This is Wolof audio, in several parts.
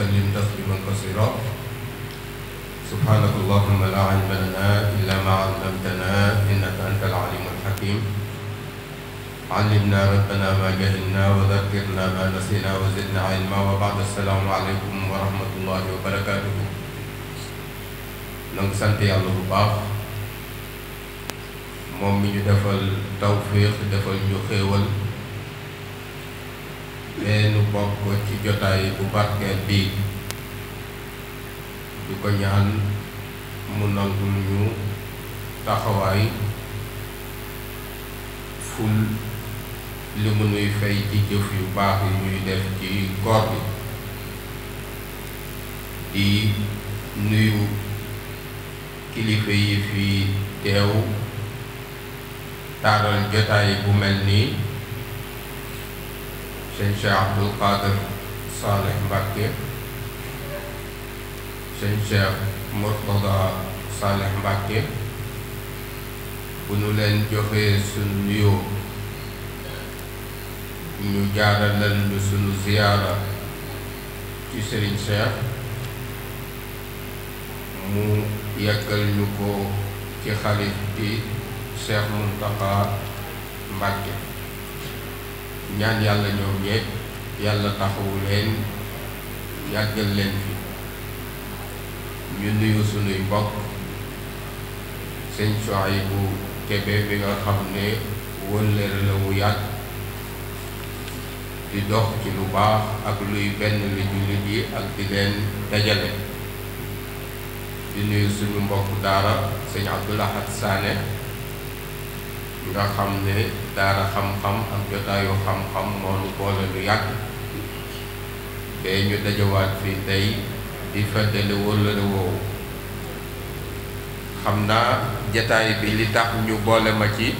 وسلم تسليما كثيرا سبحانك اللهم لا علم لنا إلا ما علمتنا إنك أنت العليم الحكيم علمنا ربنا ما جهلنا وذكرنا ما نسينا وزدنا علما وبعد السلام عليكم ورحمة الله وبركاته nang sant yàlla bu baax moom mi ñu defal tawfiq defal ñu xéewal mais nu bokk ci jotaay bu barkeel bii di ko ñaan mu nangul ñu taxawaay ful li mu nuy fay ci jëf yu baax yu ñuy def ci koor bi di nuyu kilifa yi fi teew taaral jotaay bu mel nii sëñ Cheikh Abdou Qadir Saleh Mbacke sëñ Cheikh Murtada Saleh Mbacke bu ñu leen joxee sunu nuyoo ñu jaaralal ñu sunu ziyaara ci sëriñ Cheikh mu yàggal ñu ko ci xalif bi Cheikh Mountakha Mbacke ñaan yàlla ñoom ñeeg yàlla taxawu leen yàggal leen fi ñu nuyu sunuy mbokk sëñ bu Kébé bi nga xam ne wëllëre la mu yàgg di dox ci lu baax ak luy benn li jullit yi ak di leen dajale di nuyu suñu mbokk daara sëñ Abdoul Ahad nga xam ne daara xam-xam ak jotaayu xam-xam moo boole lu yàgg te ñu dajawaat fi tey di feddali wëllëre woowu xam naa jataay bi li tax ñu boole ma ci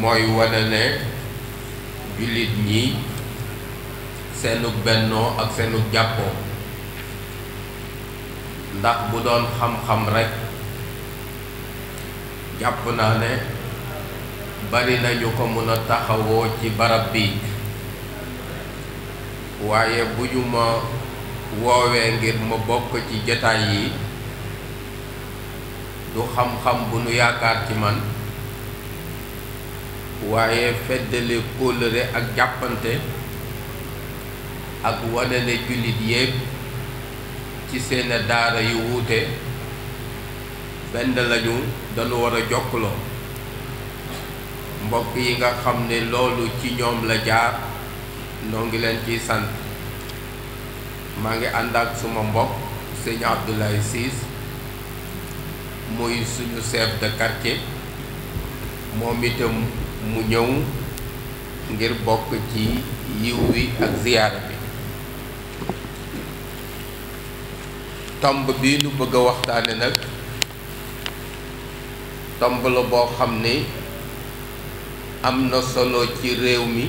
mooy wane ne jullit ñi seenu bennoo ak seenu jàppoo ndax bu doon xam-xam rekk jàpp naa ne bari nañu ko mën a taxawoo ci barab bi waaye bu ñu ma woowee ngir ma bokk ci jataay yi du xam-xam bu nu yaakaar ci man waaye feddale kóllëre ak jàppante ak wane ne jullit yépp ci seen daara yu wuute benn lañu dañu war a jokkaloo mbokk yi nga xam ne loolu ci ñoom la jaar noo ngi leen ciy sant maa ngi ànd ak suma mbokk sëñ Abdoulaye Siis muy suñu chef de quartier moom itam mu ñëw ngir bokk ci yiw wi ak ziyaara bi tomb bi nu bëgg a waxtaane nag tomb boo xam ne am na solo ci réew mi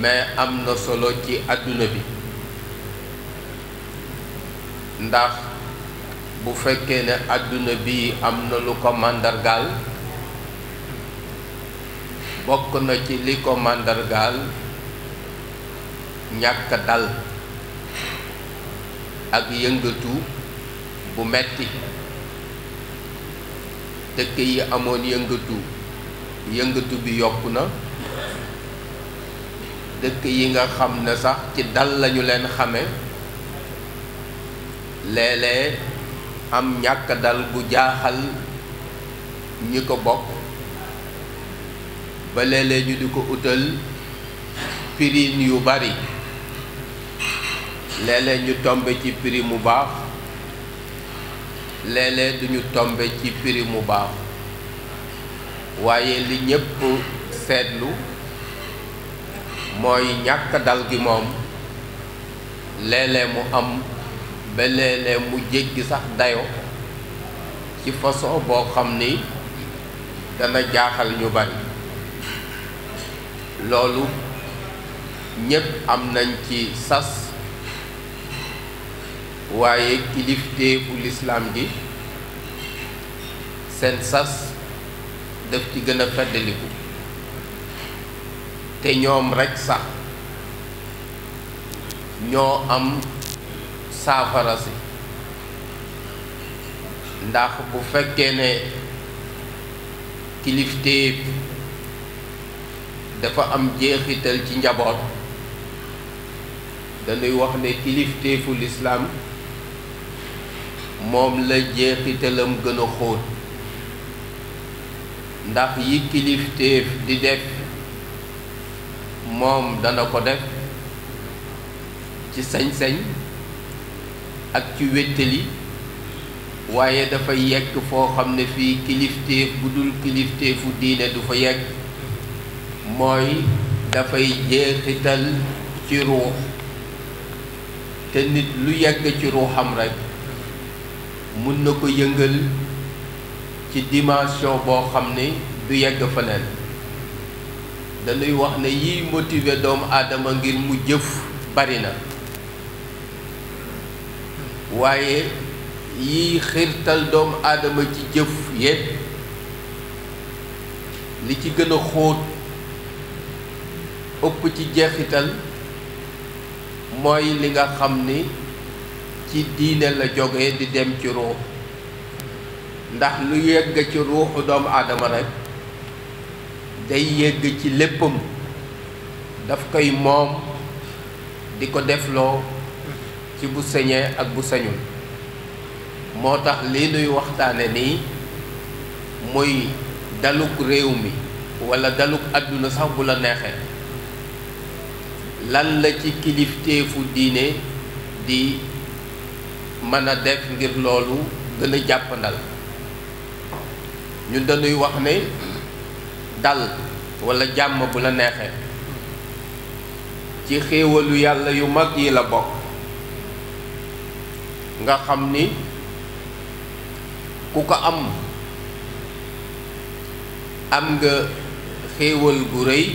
mais am na solo ci àdduna bi ndax bu fekkee ne àdduna bi am na lu ko màndargaal bokk na ci li ko màndargaal ñàkk dal ak yëngatu bu metti dëkk yi amoon yëngatu yëngatu bi yokku na dëkk yi nga xam ne sax ci dal lañu leen xame léeg am ñàkk dal bu jaaxal ñi ko bokk ba léeg ñu di ko utal pirin yu bari léeg ñu tombe ci piri mu baax léeg duñu tombe ci prix mu baax waaye li ñépp seetlu mooy ñàkk dal gi moom léeg mu am ba léeg-léeg mu jéggi sax dayo ci façon boo xam ni dana jaaxal ñu bari loolu ñépp am nañ ci sas waaye kilifteefu lislaam gi seen sas daf ci gën a feddaliku te ñoom rekk sax ñoo am saafara si ndax bu fekkee ne kilifteef dafa am jeexital ci njaboot dañuy wax ne kilifteefu lislaam moom la jeexitalam gën a xóot ndax yi kilifteef di def moom dana ko def ci sañ-sañ ak ci wéttali waaye dafay yekk foo xam ne fii kilifteef bu dul kilifteefu diine du fa yegg mooy dafay jeexital ci ruux te nit lu yegg ci ruuxam rekk mun na ko yëngal ci dimension boo xam ni du yegg feneen dañuy wax ne yiy motiver doomu aadama ngir mu jëf bari na waaye yiy xiirtal doomu aadama ci jëf yépp li ci gën a xóot ëpp ci jeexital mooy li nga xam ni ci diine la jóge di dem ci ruux ndax lu yegg ci ruuxu doomu aadama rekk day yegg ci léppam daf koy moom di ko defloo ci bu sañee ak bu sañul moo tax lii nuy waxtaane nii muy daluk réew mi walla daluk àdduna sax bu la neexee lan la ci kilifteefu diine di mën a def ngir loolu gën a jàppandal ñun dañuy wax ni dal walla jàmm bu la neexee ci xéewalu yàlla yu mag yi la bokk nga xam ni ku ko am am nga xéewal gu réy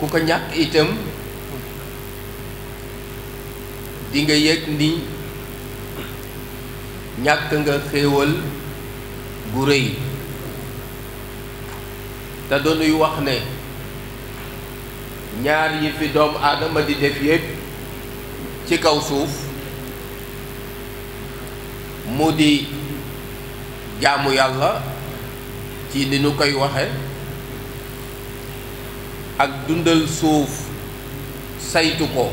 ku ko ñàkk itam dinga nga yëg ni ñàkk nga xéewal gu rëy te doonuy wax ne ñaar yi fi doomu aadama di def yépp ci kaw suuf mu di jaamu yàlla ci ni nu koy waxe ak dundal suuf saytu ko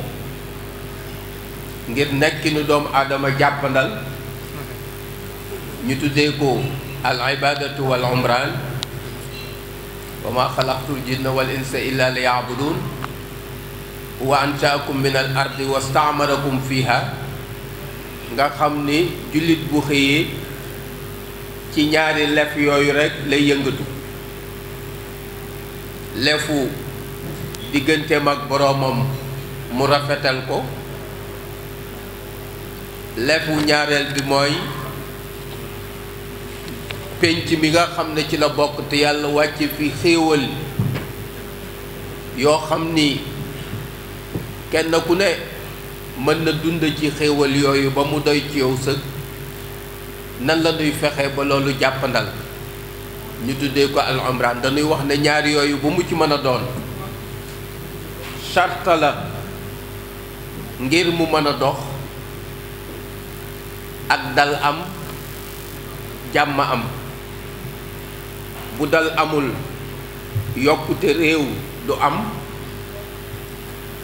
ngir nekkinu doomu aadama jàppandal ñu tuddee ko al ibadatu wal umran wa ma xalaqtul jinna wal insa illa li yaabudun wa ansaakum min al ardi wa staamarakum fiha nga xam ni jullit bu xëyee ci ñaari lef yooyu rekk lay yëngatu lefu digganteem ak boroomam mu rafetal ko lefu ñaareel bi mooy pénc mi nga xam ne ci la bokk te yàlla wàcc fi xéewal yoo xam ni kenn ku ne mën na dund ci xéewal yooyu ba mu doy ci yow sëg nan la ñuy fexe ba loolu jàppandal ñu tuddee ko al danuy wax ne ñaar yooyu bu mu ci mën a doon sarta la ngir mu mën a dox ak dal am jàmm am bu dal amul yokkute réew du am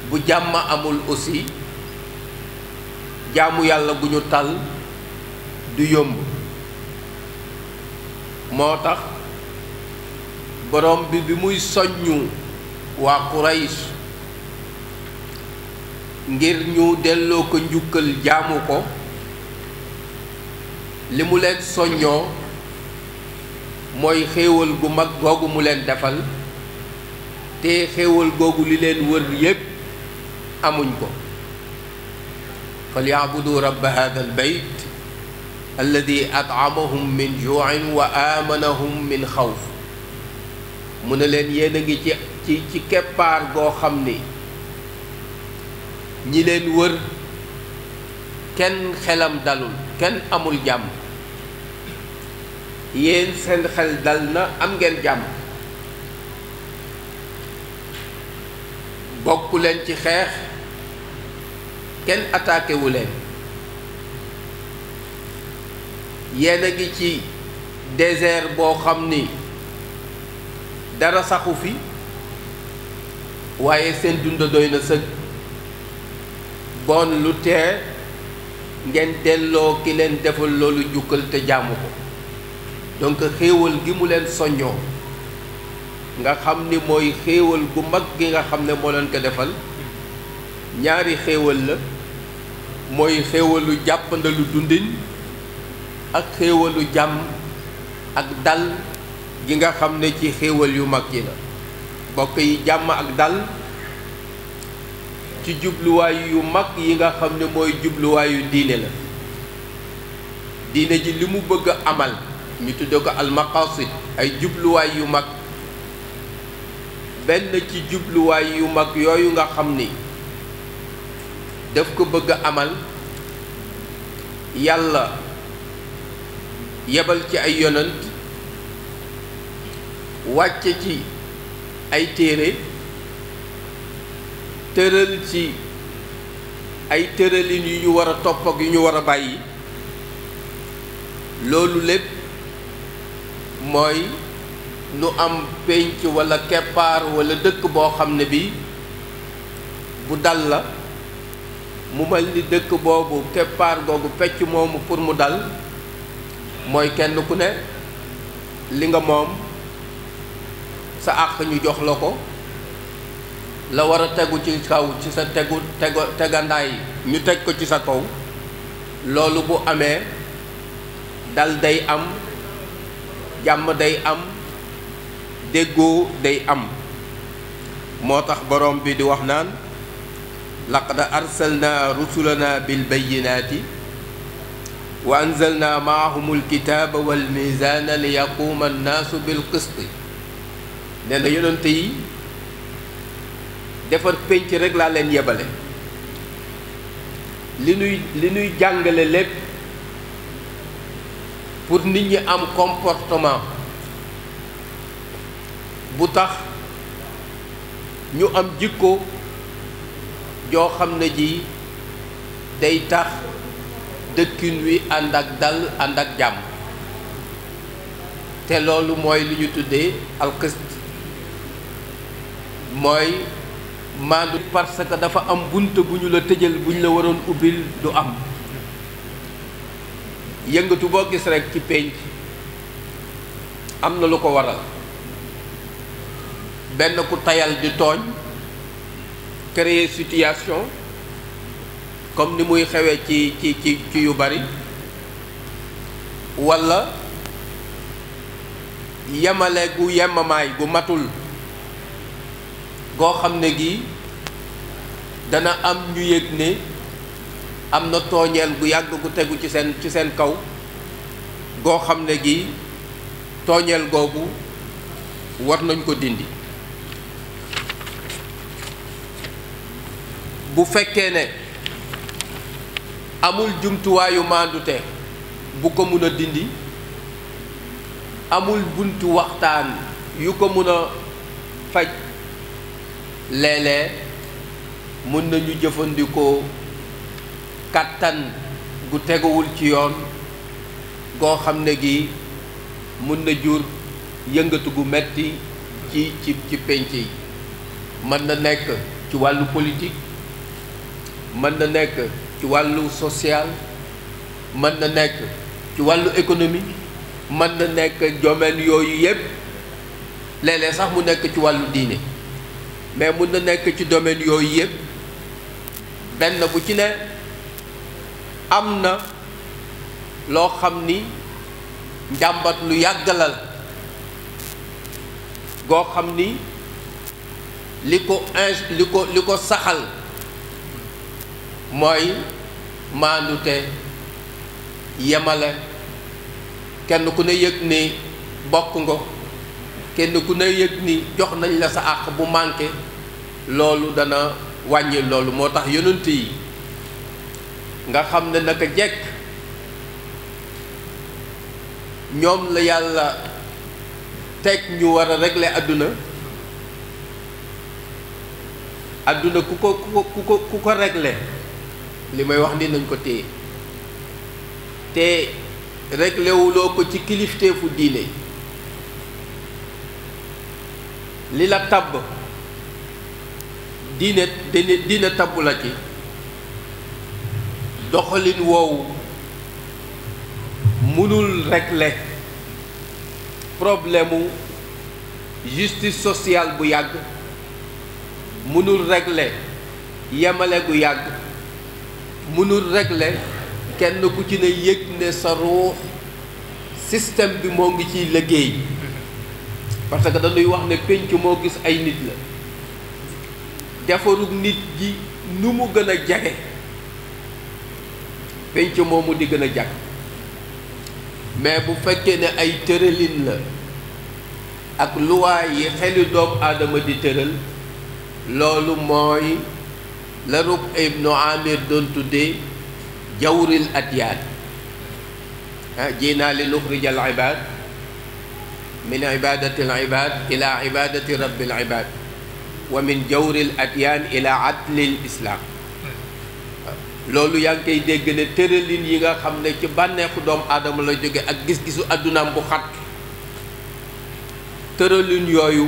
bu jàmm amul aussi jaamu yàlla gu ñu tal du yomb moo tax borom bi bi muy soññu waa Quraysh ngir ñu delloo ko njukkal jaamu ko li mu leen soññoo mooy xéewal gu mag googu mu leen defal te xéewal googu li leen wër yépp amuñ ko falyaabudu rabba hada albayt alladi atamahum min juin wa amanahum min xawf mu ne leen yéen a ngi ci ci ci keppaar goo xam ni ñi leen wër kenn xelam dalul kenn amul jàmm yéen seen xel dal na am ngeen jàmm bokk leen ci xeex kenn attaqué leen yéen a gi ci désert boo xam ni dara saxu fi waaye seen dund doy na sëg bon lu tee ngeen delloo ki leen defal loolu jukkal te jaamu ko donc xéewal gi mu leen soññoo nga xam ni mooy xéewal gu mag gi nga xam ne moo leen ko defal ñaari xéewal la mooy xéewalu jàppandalu dundin ak xéewalu jàmm ak dal gi nga xam ne ci xéewal yu mag yi la bokk yi jàmm ak dal ci jubluwaay yu mag yi nga xam ni mooy jubluwaayu diine la diine ji li mu bëgg a amal ñu tudde ko almaqasid ay jubluwaay yu mag benn ci jubluwaay yu mag yooyu nga xam ni daf ko bëgg a amal yàlla yebal ci ay yonant wàcce ci ay téere tëral si ay tëralin yu ñu war a topp yu ñu war a bàyyi loolu lépp mooy nu am pénc walla keppaar walla dëkk boo xam ne bi bu dal la mu mel ni dëkk boobu keppaar googu pecc moomu pour mu dal mooy kenn ku ne li nga moom sa àq ñu jox la ko la war a tegu ci kaw ci sa tegu tego tegandaay ñu teg ko ci sa kaw loolu bu amee dal day am jàmm day am déggoo day am moo tax boroom bi di wax naan laqad arsalna rusulana bilbayinati wa anzalna maahum alkitaaba walmisaana li yaquuma annaasu bilqisti nee na yonente yi defar pénc rekk laa leen yebale li nuy li nuy jàngale lépp pour nit ñi am comportement bu tax ñu am jikko joo xam ne ji day tax dëkkin wi ànd ak dal ànd ak jàmm te loolu mooy li ñu tuddee alxist mooy maandu parce que dafa am bunt bu ñu la tëjal bu ñu la waroon ubbil du am yëngatu boo gis rek ci penc am na lu ko waral benn ku tayal di tooñ créer situation comme ni muy xewee ci ci ci yu bari walla yamale gu yemamaay gu matul goo xam ne gii dana am ñu yëg ne am na tooñeel gu yàgg gu tegu ci seen ci seen kaw goo xam ne gi tooñeel googu war nañ ko dindi bu fekkee ne amul jumtuwaayu maandute bu ko mun a dindi amul buntu waxtaan yu ko mun a faj léeg-léeg mën nañu jëfandikoo kàttan gu teguwul ci yoon goo xam ne gi mën na jur yëngatu gu metti ci ci ci pénc yi mën na nekk ci wàllu politique mën na nekk ci wàllu social mën na nekk ci wàllu économie mën na nekk domaine yooyu yépp léeg sax mu nekk ci wàllu diine mais mun na nekk ci domaine yooyu yëpp benn bu ci ne am na loo xam ni njàmbat lu yàggalal goo xam ni li ko ing li ko li ko saxal mooy maandute yemale kenn ku ne yëg ne bokk nga kenn ku ne yëg ni jox nañ la sa àq bu manqué loolu dana wàññi loolu moo tax yonent yi nga xam ne naka jekk ñoom la yàlla teg ñu war a regle àdduna àdduna ku ko ku ko ku ko ku li may wax ni nañ ko téye te reglewuloo ko ci kilifteefu diine li la tàbb diine diine tàbb la ci doxalin woowu mënul régler problème mu justice sociale bu yàgg mënul régler yemale gu yàgg mënul régler kenn ku ci ne yëg ne sa ruux système bi mu ngi ciy liggéey parce que dañuy wax ne pénc moo gis ay nit la defarug nit ji nu mu gën a jage pénc moomu di gën a jag mais bu fekkee ne ay tëralin la ak luwaay yi xeli doomu aadama di tëral loolu mooy la Rukn ibnu Amir doon tuddee jawril adiyaan ah ji naa li nuxrij min ibadati al ibad ila ibadati rabbi al ibad wa min jawri al ila adli loolu yaa ngi koy dégg ne tëralin yi nga xam ne ci bànneexu doom aadama la jóge ak gis-gisu àddunaam bu xat tëralin yooyu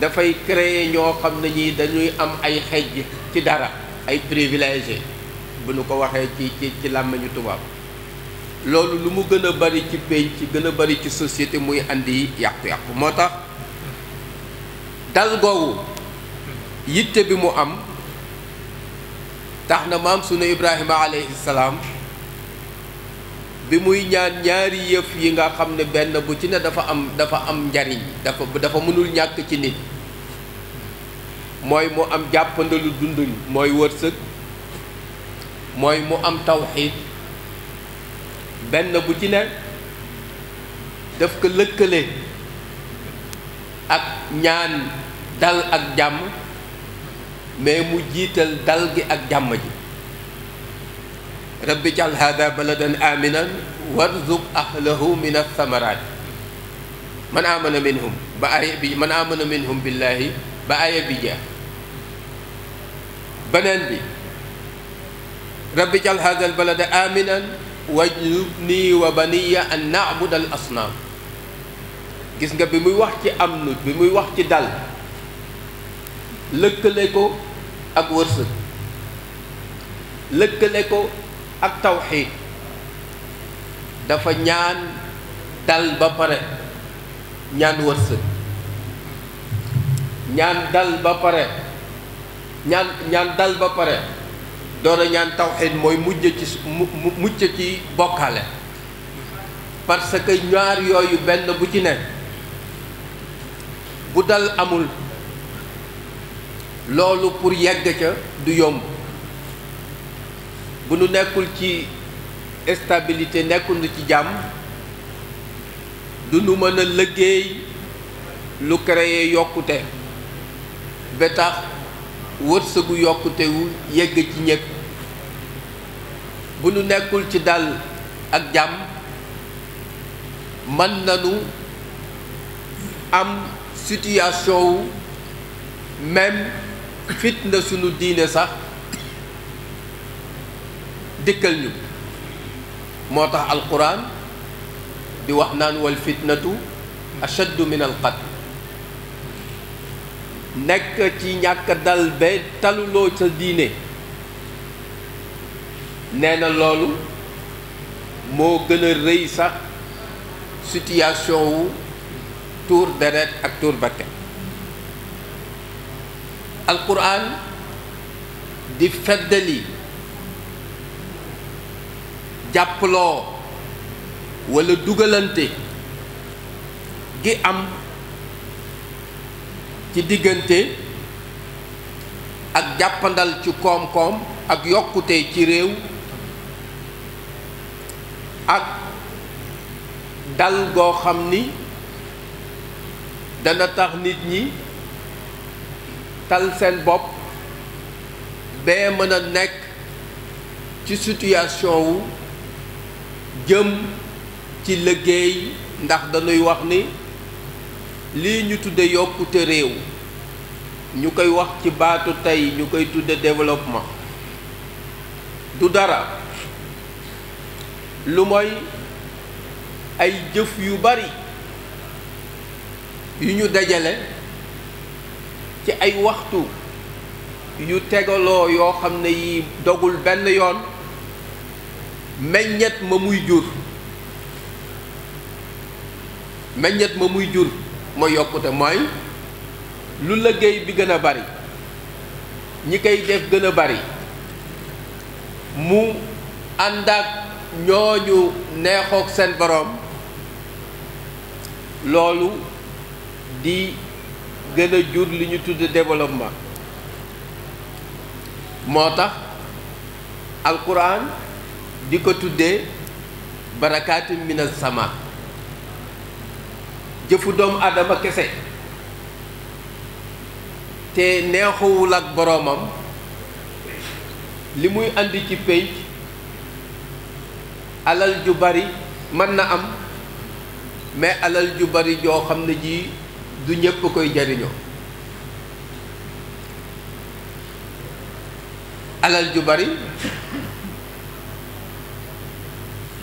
dafay créer ñoo xam ne ñi dañuy am ay xejj ci dara ay privilégié bu nu ko waxee ci ci làmmiñu tubaab loolu lu mu gën a bari ci pénc ci gën a bari ci société muy andi yàqu-yàqu moo tax dal googu yitte bi mu am tax na maam sunu Ibrahima aleyhi salaam bi muy ñaan ñaari yëf yi nga xam ne benn bu ci ne dafa am dafa am njariñ dafa dafa mënul ñàkk ci nit mooy mu am jàppandalu dund mooy wërsëg mooy mu am tawxiid benn bu ci ne daf ko lëkkale ak ñaan dal ak jàmm mais mu jiital dal gi ak jàmm ji rabbi jal hada baladan aminan warzuq ahlahu min althamarat man amana minhum ba aya bi man amana minhum billahi ba aya bi jeex beneen bi rabbi jal hada albalada aminan wajnubnii wa baniya an dal asnaam gis nga bi muy wax ci amnu bi muy wax ci dal lëkkale ko ak wërsëg lëkkale ko ak tawxiid dafa ñaan dal ba pare ñaan wërsëg ñaan dal ba pare ñaan ñaan dal ba pare doon a ñaan tawxiid mooy mujj ci mucc ci bokkale parce que ñaar yooyu benn bu ci nekk bu dal amul loolu pour yegg ca du yomb bu nu nekkul ci stabilité nekkul ci jàmm du nu mën a liggéey lu créer yokkute ba wërsëgu yokkute wu yegg ci ñëpp bu nu nekkul ci dal ak jàmm mën nanu am situation wu même fitna sunu diine sax dikkal ñu moo tax alquran bi wax naan wal fitnatu ashaddu min al nekk ci ñàkk dal ba taluloo sa diine nee na loolu moo gën a rëy sax situation wu tuur deret ak tuur bakkan alquran di feddali jàppaloo walla dugalante gi am ci diggante ak jàppandal ci koom-koom ak yokkute ci réew ak dal goo xam ni dana tax nit ñi tal seen bopp bee mën a nekk ci situation wu jëm ci liggéey ndax dañuy wax ni lii ñu tudde yokkute réew ñu koy wax ci baatu tey ñu koy tudde développement du dara lu mooy ay jëf yu bari yu ñu dajale ci ay waxtu yu tegaloo yoo xam ne yi dogul benn yoon meññet ma muy jur meññet ma muy jur mooy yokkute mooy lu liggéey bi gën a bari ñi koy def gën a bari mu ànd ak ñooñu neexoog seen boroom loolu di gën a jur li ñu tudd développement moo tax alquran di ko tuddee barakaatu minas sama jëfu doomu aadama kese te neexuwul ak boroomam li muy andi ci pénc alal ju bari mën na am mais alal ju bari joo xam ne ji du ñépp koy jariñoo alal ju bari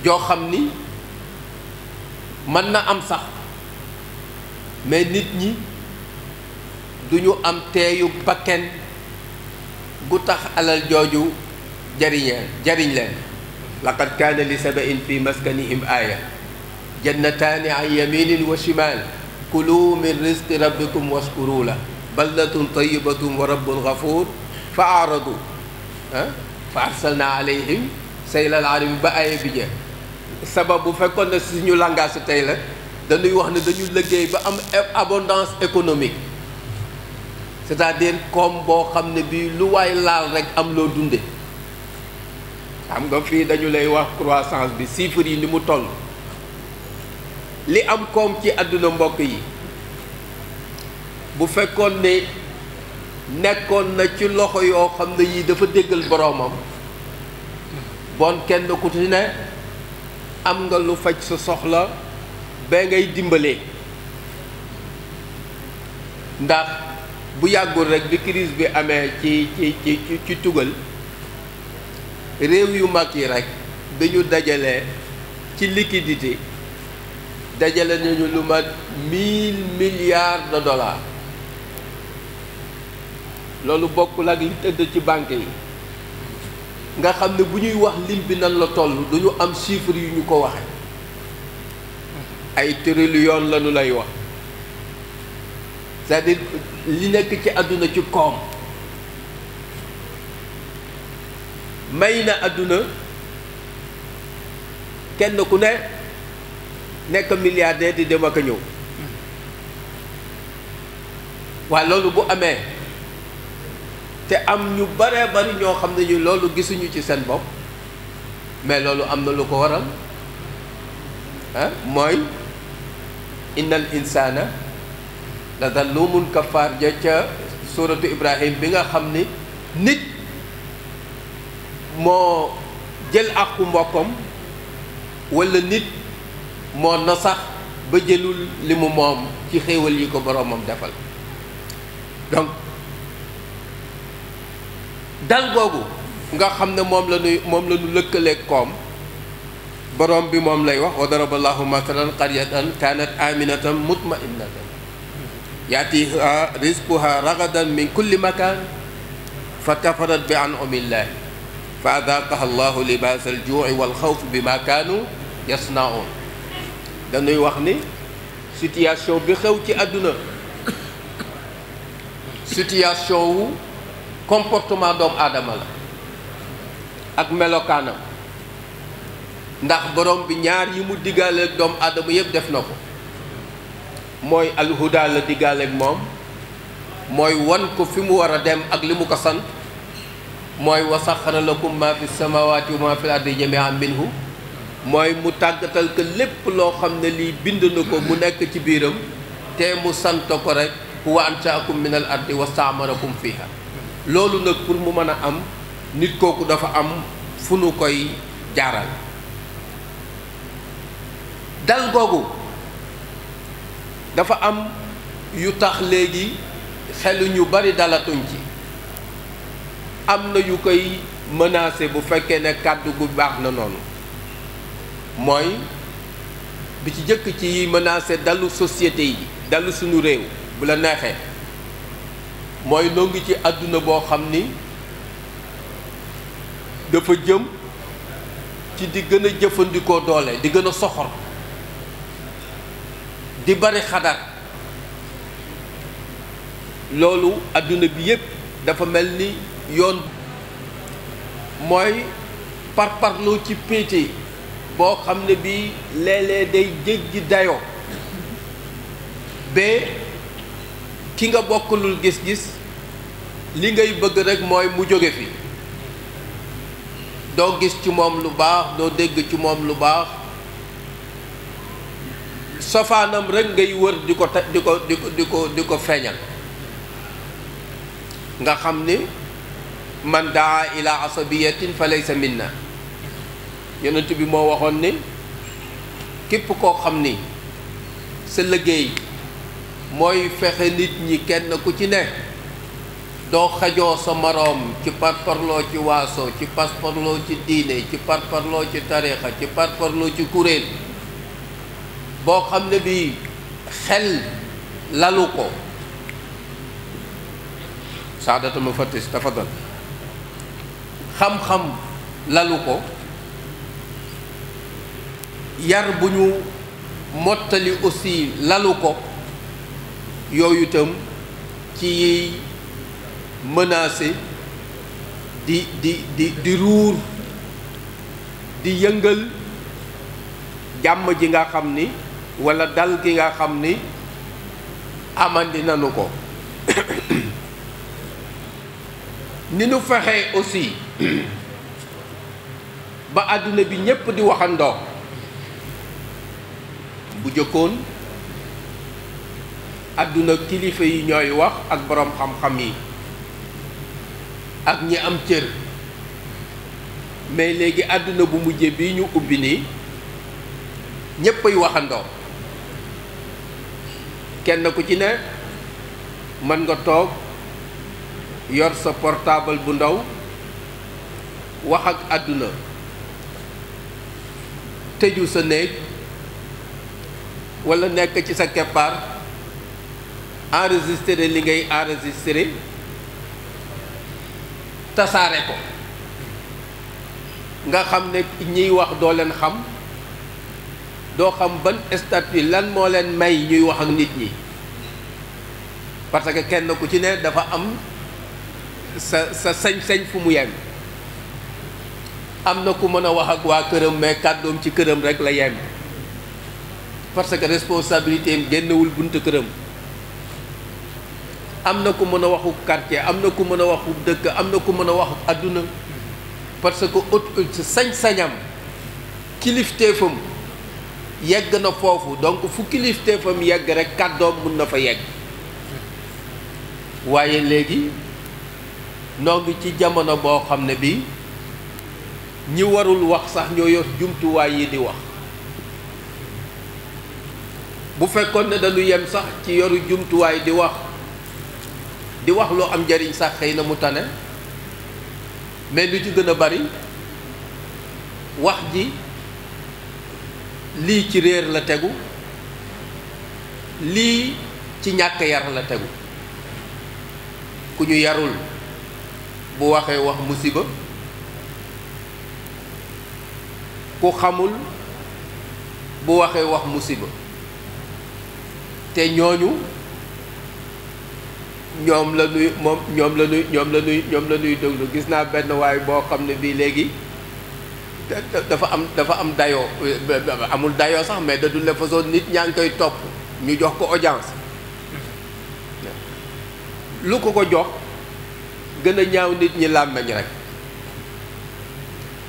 joo xam ni mën na am sax mais nit ñi du ñu am teeyu bakken gu tax alal jooju jariñee jariñ leen laqad kaana li sabain fi maskanihim aaya jannataani an yaminin wa shimal kulu min rizqi rabbikum waskuru la baldatun tayibatun wa rabbun gafuur fa aradu ah fa arsalna alayhim saylal arim ba aaya bi jeex sabab bu fekkoon na suñu langage tey la dañuy wax ne dañu liggéey ba am e- abondance économique c'est-à-dire comme boo xam ne bii lu waay laal rek am loo dunde xam nga fii dañu lay wax croissance bi chiffres yi ni mu toll li am koom ci àdduna mbokk yi bu fekkoon ne nekkoon na ci loxo yoo xam ne yii dafa déggal boroomam bon kenn ku ne am nga lu faj sa soxla ba ngay dimbalee ndax bu yàggul rek bi crise bi amee ci ci ci tugal réew yu mag yi rek dañu dajale ci liquidité dajale nañu lu mat mille milliards de dollars loolu bokkul ak li tëdd ci banque yi nga xam ne bu ñuy wax lim bi nan la toll duñu am chiffre yu ñu ko waxe ay trillion la ñu lay wax cest à li nekk ci àdduna ci koom may na àdduna kenn ku ne nekk milliardaire di dem ak a ñëw waaye loolu bu amee te am ñu baree bari ñoo xam ne ñu loolu gisuñu ci seen bopp mais loolu am na lu ko waral mooy innal insaana la zalumun kafaar ja ca suuratu ibrahim bi nga xam ni nit moo jël akku mbokkom walla nit moo nasax ba jëlul li mu moom ci xéewal yi ko boroomam defal donc dal googu nga xam ne moom la moom la ñu koom borom bi moom lay wax wa daraba llahu matalan qaryatan kaanat aminatan mutma'innatan yaatiha rizquha ragadan min kulli makan fa kafarat bi an'amillaahi fa adaqaha llahu libaasa aljuu'i wal xawfi bima kaanu yasnaun dañuy wax ni situation bi xew ci àdduna situation wu comportement doomu aadama la ak melokaanam ndax borom bi ñaar yi mu diggaaleeg doom aadama yëpp def na ko mooy alhuda la diggaaleeg moom mooy wan ko fi mu war a dem ak li mu ko sant mooy wasaxara lakum ma fi samawati wa ma fi ardi jami'an minhu mooy mu tàggatal ko lépp loo xam ne lii bind na ko mu nekk ci biiram te mu sant ko rek huwa ansaakum min al ardi wastaamarakum fiha loolu nag pour mu mën a am nit kooku dafa am fu nu koy jaaral dal googu dafa am yu tax léegi xelu ñu bari dalatuñ ci am na yu koy menacé bu fekkee ne kàddu gu baax na noonu mooy bi ci jëkk ci menacé dalu société yi dalu suñu réew bu la neexee mooy noo ngi ci àdduna boo xam ni dafa jëm ci di gën a jëfandikoo doole di gën a soxor di bari xadar loolu adduna bi yépp dafa mel ni yoon mooy parparloo ci piiti boo xam ne bii léeg-léeg day jéggi dayoo ba ki nga bokkulul gis-gis li ngay bëgg rek mooy mu jóge fi doo gis ci moom lu baax doo dégg ci moom lu baax safaanam rek ngay wër di ko di ko di ko di ko di ko feeñal nga xam ni man daa ila asabiyatin fa laysa minna yonent bi moo waxoon ni képp koo xam ni sa liggéey mooy fexe nit ñi kenn ku ci ne doo xajoo sa moroom ci parparloo ci waaso ci parparloo ci diine ci parparloo ci tariixa ci parparloo ci kuréel boo xam ne bii xel lalu ko saadata mu fattis tafadal xam-xam lalu ko yar bu ñu mottali aussi lalu ko yooyu itam ci yiy menacé di di di di ruur di yëngal jàmm ji nga xam ni wala dal gi nga xam ni amandi nanu ko ni nu fexee aussi ba àdduna bi ñépp di waxandoo bu jëkkoon àdduna kilifa yi ñooy wax ak boroom xam-xam yi ak ñi am cër mais léegi àdduna bu mujje bi ñu ubbi nii ñéppay waxandoo kenn ku ci ne mën nga toog yor sa portaabal bu ndaw wax ak àdduna tëju sa néeg walla nekk ci sa keppaar enregistré li ngay enregistré tasaare ko nga xam ne ñiy wax doo leen xam doo xam ban statut lan moo leen may ñuy wax ak nit ñi parce que kenn ku ci ne dafa am sa sa sañ-sañ fu mu yem am na ku mën a wax ak waa këram mais kàddoom ci këram rek la yem parce que responsabilité am génnewul buntu këram am na ku mën a waxu quartier am na ku mën a waxu dëkk am na ku mën a wax àdduna parce que ut sañ-sañam kilifteefam yegg na foofu donc fu kilifteefam yegg rekk kàddoom mun na fa yegg waaye léegi noo ci jamono boo xam ne bi ñi warul wax sax ñoo yor jumtuwaay yi di wax bu fekkoon ne dañu yem sax ci yoru jumtuwaay di wax di wax loo am njariñ sax xëy na mu tane mais lu ci gën a bari wax ji lii ci réer la tegu lii ci ñàkk yar la tegu ku ñu yarul bu waxee wax musiba ku xamul bu waxee wax musiba te ñooñu ñoom la ñuy moom ñoom la ñoom la ñuy gis naa benn waay boo xam ne bii léegi dafa am dafa am dayoo amul dayoo sax mais de toutes les nit ñaa ngi koy topp ñu jox ko audience lu ko ko jox gën a ñaaw nit ñi làmmeñ rek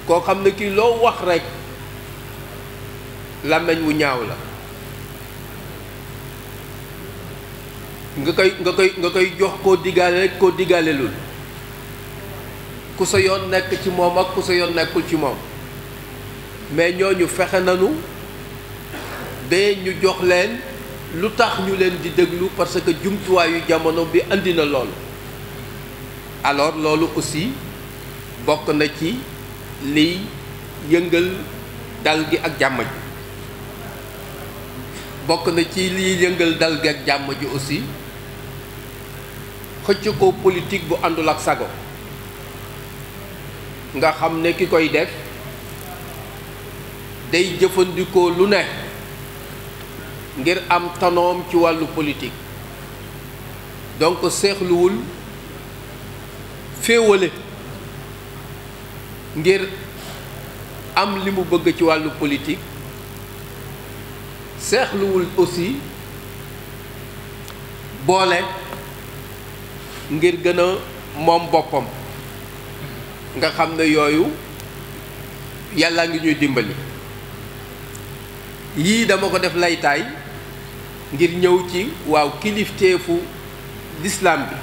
koo xam ne kii loo wax rek làmmeñ wu ñaaw la nga koy nga koy nga koy jox koo diggaale rek koo diggaalelul ku sa yoon nekk ci moom ak ku sa yoon nekkul ci moom mais ñooñu fexe nañu ba ñu jox leen lu tax ñu leen di déglu parce que jumtuwaayu jamono bi indi na loolu alors loolu aussi bokk na ci liy yëngal dal gi ak jàmm ji bokk na ci liy yëngal dal gi ak jàmm ji aussi xëcc ko politique bu àndul ak sago nga xam ne ki koy def day jëfandikoo lu ne ngir am tanoom ci wàllu politique donc seexluwul féewale ngir am li mu bëgg ci wàllu politik seexluwul aussi boole ngir gën a moom boppam nga xam ne yooyu yàlla ngi ñuy dimbali yii dama ko def laytaay ngir ñëw ci waaw kilifteefu lislaam bi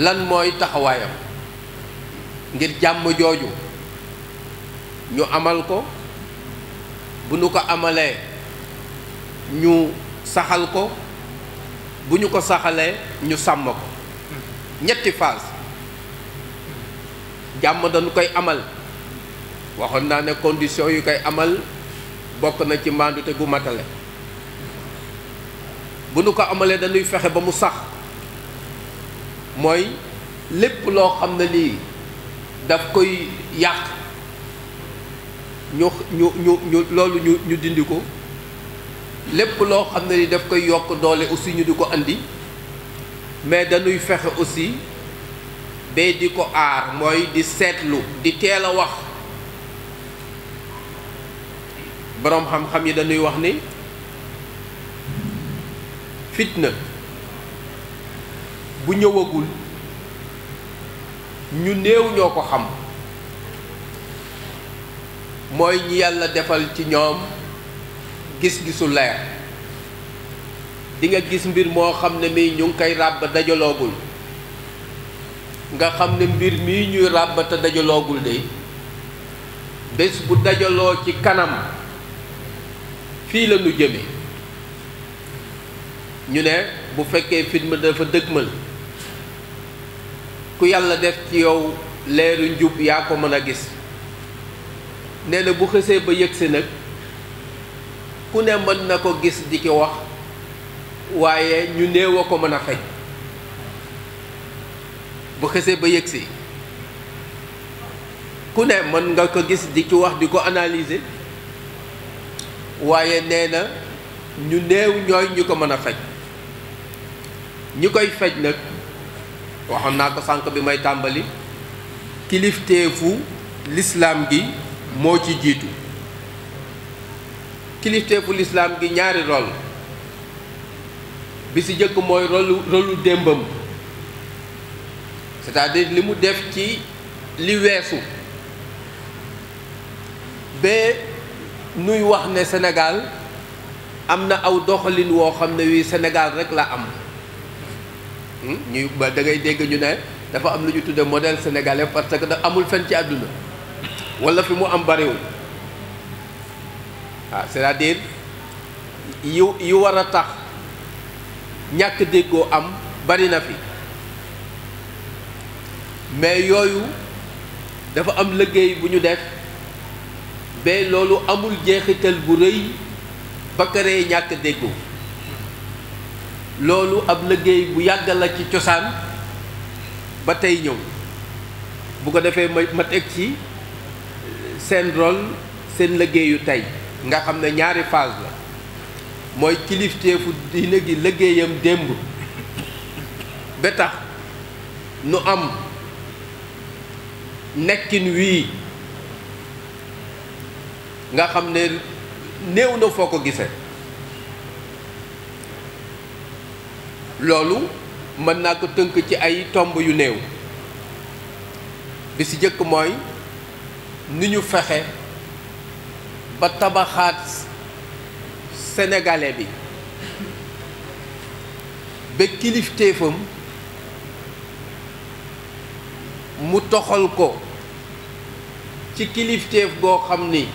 lan mooy taxawaayam ngir jàmm jooju ñu amal ko bu ñu ko amalee ñu saxal ko bu ñu ko saxalee ñu sàmm ko ñetti fas jàmm dañu koy amal waxoon naa ne condition yu koy amal bokk na ci mbaandute gu matale bu nu ko amalee dañuy fexe ba mu sax mooy lépp loo xam ne lii daf koy yàq ñu ñu ñu ñu loolu ñu ñu dindi ko lépp loo xam na lii daf koy yokk doole aussi ñu di ko andi mais dañuy fexe aussi ba di ko aar mooy di seetlu di teel a wax boroom xam-xam yi dañuy wax ni fitna bu ñëwagul ñu néew ñoo ko xam mooy ñi yàlla defal ci ñoom gis-gisu leer di nga gis mbir moo xam ne mi ñu ngi koy ràbb dajaloogul nga xam ne mbir mii ñuy ràbb te dajaloogul de bés bu dajaloo ci kanam fii la ñu jëmee ñu ne bu fekkee film dafa dëgmal ku yàlla def ci yow leeru njub yaa ko mën a gis nee na bu xësee ba yëgsi nag ku ne mën na ko gis di ki wax waaye ñu néew a ko mën a xej bu xësee ba yëgsi ku ne mën nga ko gis di ci wax di ko analise waaye nee na ñu néew ñooy ñu ko mën a faj ñi koy faj nag waxoon naa ko sànq bi may tàmbali kilifteefu lislaam gi moo ci jiitu kilifteefu lislaam gi ñaari rol bi si jëkk mooy rolu rolu démbam cest li mu def ci li weesu ba nuy wax ne Sénégal am na aw doxalin woo xam ne wii Sénégal rek la am hmm? ñuy ba da dégg ñu ne dafa am lu ñu tudde modèle sénégalais parce que da amul fenn ci àdduna walla fi mu am bariwul waaw ah, c'est-à-dire yi yi war a tax ñàkk déggoo am bari na fi mais yooyu dafa am liggéey bu ñu def ba loolu amul jeexital bu rëy ba këree ñàkk déggoo loolu ab liggéey bu yàgg la ci cosaan ba tey ñëw bu ko defee ma ma teg ci seen rôle seen liggéeyu tey nga xam ne ñaari phase la mooy kilifteefu diine gi liggéeyam démb ba tax nu am nekkin wii nga xam ne néew na foo ko gisee loolu mën naa ko tënk ci ay tomb yu néew bi ci jëkk mooy ni ñu fexe ba tabaxaat senegale bi ba kilifteefam mu toxal ko ci kilifteef goo xam ni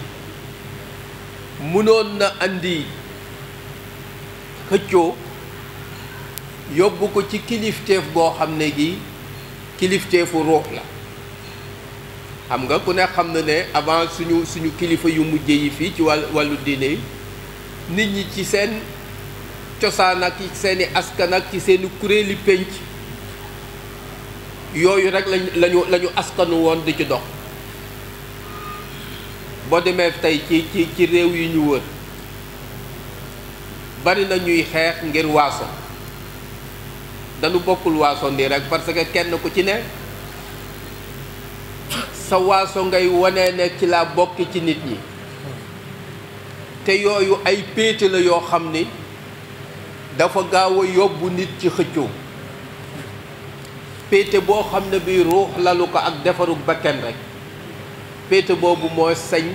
mënoon na andi xëccoo yóbbu ko ci kilifteef boo xam ne gi kilifteefu ruux la xam nga ku ne xam na ne avant suñu suñu kilifa yu mujj yi fii ci wàllu wàllu nit ñi ci seen cosaan ak seeni askan ak ci seeni kuréeli pénc yooyu rek lañu lañu askanu woon di ci dox boo demee tey ci ci ci réew yi ñu wër bari na ñuy xeex ngir waaso dañu bokkul waaso nii rekk parce que kenn ku ci ne sa waaso ngay wane ne ci la bokk ci nit ñi te yooyu ay péete la yoo xam ni dafa gaaw a yóbbu nit ci xëccoo péete boo xam ne bi ruux lalu ko ak defaru bakken rek féete boobu moo sañ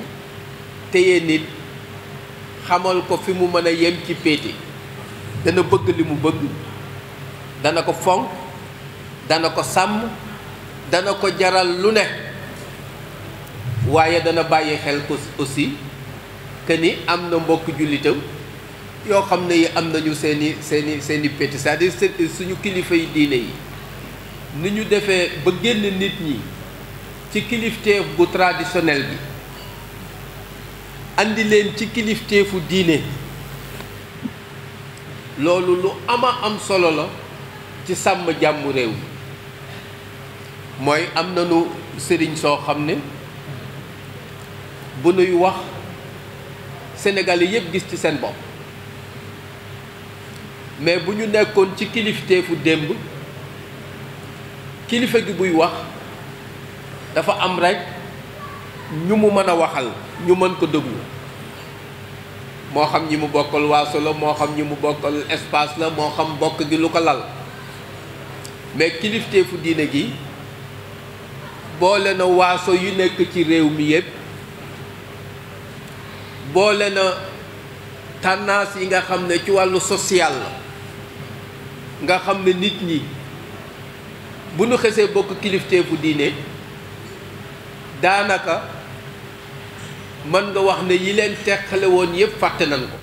téye nit xamal ko fi mu mën a yem ci péete dana bëgg li mu bëgg dana ko fonk dana ko sàmm dana ko jaral lu ne waaye dana bàyyi xel ko aussi que ni am na mbokk jullitam yoo xam ne yi am nañu seeni seeni seeni péete cest à suñu kilifa yi diine yi ni ñu defee ba génn nit ñi ci kilifteef bu traditionnel bi andi leen ci kilifteefu diine loolu lu ama am solo la ci sàmm jàmm réew mooy am nañu sëriñ soo xam ne bu nuy wax Sénégal yi yëpp gis ci seen bopp mais bu ñu nekkoon ci kilifteefu démb kilifa gi buy wax dafa am rek ñu mu mën a waxal ñu mën ko déglu moo xam ñi mu bokkal waaso la moo xam ñi mu bokkal espace la moo xam bokk gi lu ko lal mais kilifteefu diine gi boole na waaso yu nekk ci réew mi yépp boole na tendance yi nga xam ne ci wàllu social la nga xam ne nit ñi bu ñu xesee bokk kilifteefu diine daanaka mën nga wax ne yi leen teqale woon yëpp fàtte nañ ko